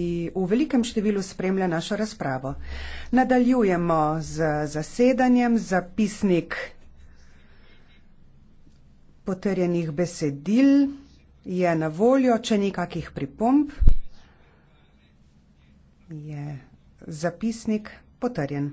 in v velikem številu spremlja našo razpravo. Nadaljujemo z zasedanjem, zapisnik potrjenih besedil je na voljo, če ni kakih pripomb, je zapisnik potrjen.